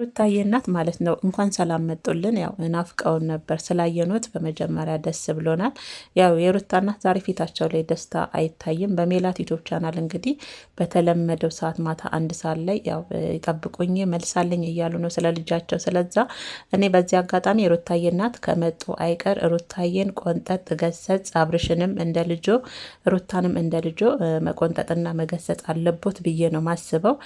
ሩታዬ እናት ማለት ነው እንኳን ሰላም መጡልን። ያው እናፍቀውን ነበር ስላየኖት በመጀመሪያ ደስ ብሎናል። ያው የሩታ እናት ዛሬ ፊታቸው ላይ ደስታ አይታይም። በሜላት ዩቱብ ቻናል እንግዲህ በተለመደው ሰዓት ማታ አንድ ሰዓት ላይ ያው ጠብቁኝ መልሳለኝ እያሉ ነው ስለ ልጃቸው። ስለዛ እኔ በዚህ አጋጣሚ ሩታዬ እናት ከመጡ አይቀር ሩታዬን ቆንጠጥ ገሰጽ፣ አብርሽንም እንደ ልጆ ሩታንም እንደ ልጆ መቆንጠጥና መገሰጽ አለቦት ብዬ ነው ማስበው።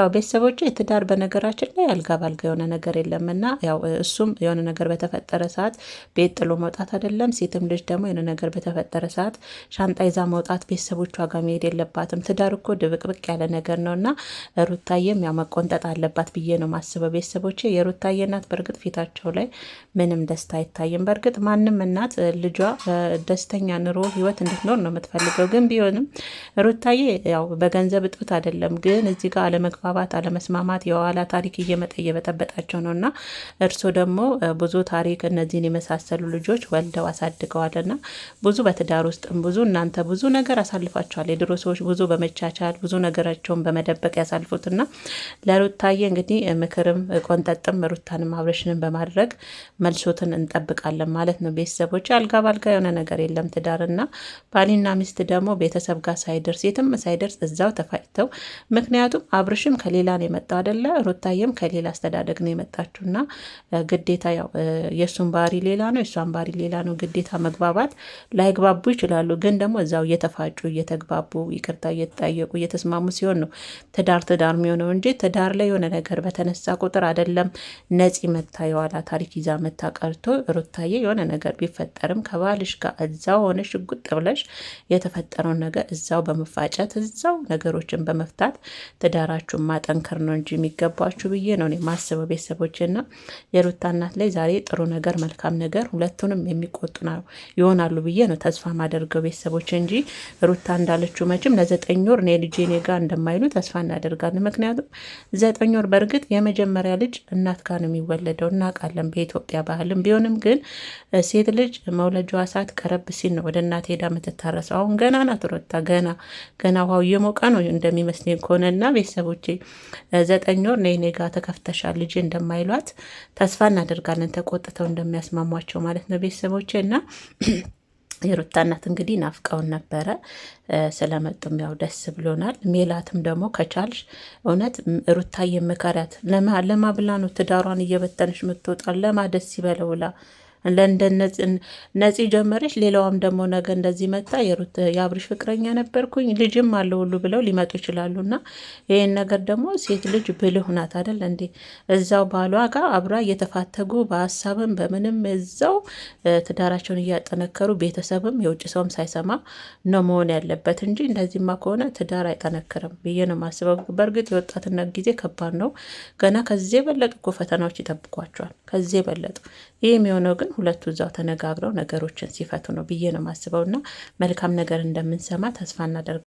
ያው ቤተሰቦች ትዳር በነገራችን ላይ አልጋ አልጋ የሆነ ነገር የለምና ያው እሱም የሆነ ነገር በተፈጠረ ሰዓት ቤት ጥሎ መውጣት አይደለም። ሴትም ልጅ ደግሞ የሆነ ነገር በተፈጠረ ሰዓት ሻንጣ ይዛ መውጣት ቤተሰቦቿ ጋር መሄድ የለባትም። ትዳር እኮ ድብቅብቅ ያለ ነገር ነው እና ሩታዬም ያው መቆንጠጥ አለባት ብዬ ነው ማስበው። ቤተሰቦቼ የሩታዬ እናት በእርግጥ ፊታቸው ላይ ምንም ደስታ አይታይም። በእርግጥ ማንም እናት ልጇ ደስተኛ ኑሮ ህይወት እንድትኖር ነው የምትፈልገው። ግን ቢሆንም ሩታዬ ያው በገንዘብ እጥፍት አይደለም፣ ግን እዚህ ጋር አለመግባባት፣ አለመስማማት የኋላ ታሪክ እየመጠየ እየበጠበጣቸው ነው እና እርሶ ደግሞ ብዙ ታሪክ እነዚህን የመሳሰሉ ልጆች ወልደው አሳድገዋል እና ብዙ በትዳር ውስጥም ብዙ እናንተ ብዙ ነገር አሳልፋቸዋል። የድሮ ሰዎች ብዙ በመቻቻል ብዙ ነገራቸውን በመደበቅ ያሳልፉትና ለሩታዬ እንግዲህ ምክርም ቆንጠጥም ሩታንም አብረሽንም በማድረግ መልሶትን እንጠብቃለን ማለት ነው። ቤተሰቦች አልጋ ባልጋ የሆነ ነገር የለም እና ባሊና ሚስት ደግሞ ቤተሰብ ጋር ሳይደርስ የትም ሳይደርስ እዛው ተፋጭተው ምክንያቱም አብርሽም ከሌላ ነው የመጣው አደለ ሩታዬም ከሌላ አስተዳደግ ነው የመጣችው እና ግዴታ ያው የእሱን ባህሪ ሌላ ነው፣ የእሷን ባህሪ ሌላ ነው። ግዴታ መግባባት ላይግባቡ ይችላሉ፣ ግን ደግሞ እዛው እየተፋጩ እየተግባቡ ይቅርታ እየተጠያየቁ እየተስማሙ ሲሆን ነው ትዳር ትዳር የሚሆነው እንጂ ትዳር ላይ የሆነ ነገር በተነሳ ቁጥር አይደለም። ነፂ መታ የኋላ ታሪክ ይዛ መታ ቀርቶ ሩታዬ የሆነ ነገር ቢፈጠርም ከባልሽ ጋር እዛው ሆነ ሽጉጥ ብለሽ የተፈጠረውን ነገር እዛው በመፋጨት እዛው ነገሮችን በመፍታት ትዳራችሁን ማጠንከር ነው እንጂ የሚገባችሁ ብዬ ነው። የማስበው ቤተሰቦችና የሩታ እናት ላይ ዛሬ ጥሩ ነገር መልካም ነገር ሁለቱንም የሚቆጡ ይሆናሉ ብዬ ነው ተስፋ ማደርገው ቤተሰቦች እንጂ ሩታ እንዳለችው መቼም ለዘጠኝ ወር እኔ ልጄ እኔ ጋር እንደማይሉ ተስፋ እናደርጋለን። ምክንያቱም ዘጠኝ ወር በእርግጥ የመጀመሪያ ልጅ እናት ጋር ነው የሚወለደው እናውቃለን፣ በኢትዮጵያ ባህልም ቢሆንም ግን ሴት ልጅ መውለጃዋ ሰዓት ቀረብ ሲል ነው ወደ እናት ሄዳ የምትታረሰው። አሁን ገና ናት ሩታ ገና ገና ውሃው እየሞቀ ነው እንደሚመስለኝ ከሆነና ቤተሰቦቼ ዘጠኝ ወር ነይ እኔ ጋ ተከፍተ ተቆጥተሻል ልጅ እንደማይሏት ተስፋ እናደርጋለን። ተቆጥተው እንደሚያስማሟቸው ማለት ነው ቤተሰቦች እና የሩታ እናት እንግዲህ ናፍቀውን ነበረ ስለመጡም ያው ደስ ብሎናል። ሜላትም ደግሞ ከቻልሽ እውነት ሩታ የምከሪያት ለማ ብላ ነው ትዳሯን እየበተነች የምትወጣ ለማ ደስ ይበለውላ ነፂ ጀመረች። ሌላዋም ደግሞ ነገ እንደዚህ መታ የሩት የአብርሽ ፍቅረኛ ነበርኩኝ ልጅም አለ ሁሉ ብለው ሊመጡ ይችላሉ። እና ይህን ነገር ደግሞ ሴት ልጅ ብልህ ናት አይደል እንዴ? እዛው ባሏ ጋር አብራ እየተፋተጉ በሀሳብም በምንም እዛው ትዳራቸውን እያጠነከሩ ቤተሰብም የውጭ ሰውም ሳይሰማ ነው መሆን ያለበት እንጂ እንደዚህማ ከሆነ ትዳር አይጠነክርም ብዬ ነው የማስበው። በእርግጥ የወጣትነት ጊዜ ከባድ ነው። ገና ከዚህ የበለጡ እኮ ፈተናዎች ይጠብቋቸዋል። ከዚህ የበለጡ ይህ የሚሆነው ግን ሁለቱ እዛው ተነጋግረው ነገሮችን ሲፈቱ ነው ብዬ ነው የማስበው እና መልካም ነገር እንደምንሰማ ተስፋ እናደርጋለን።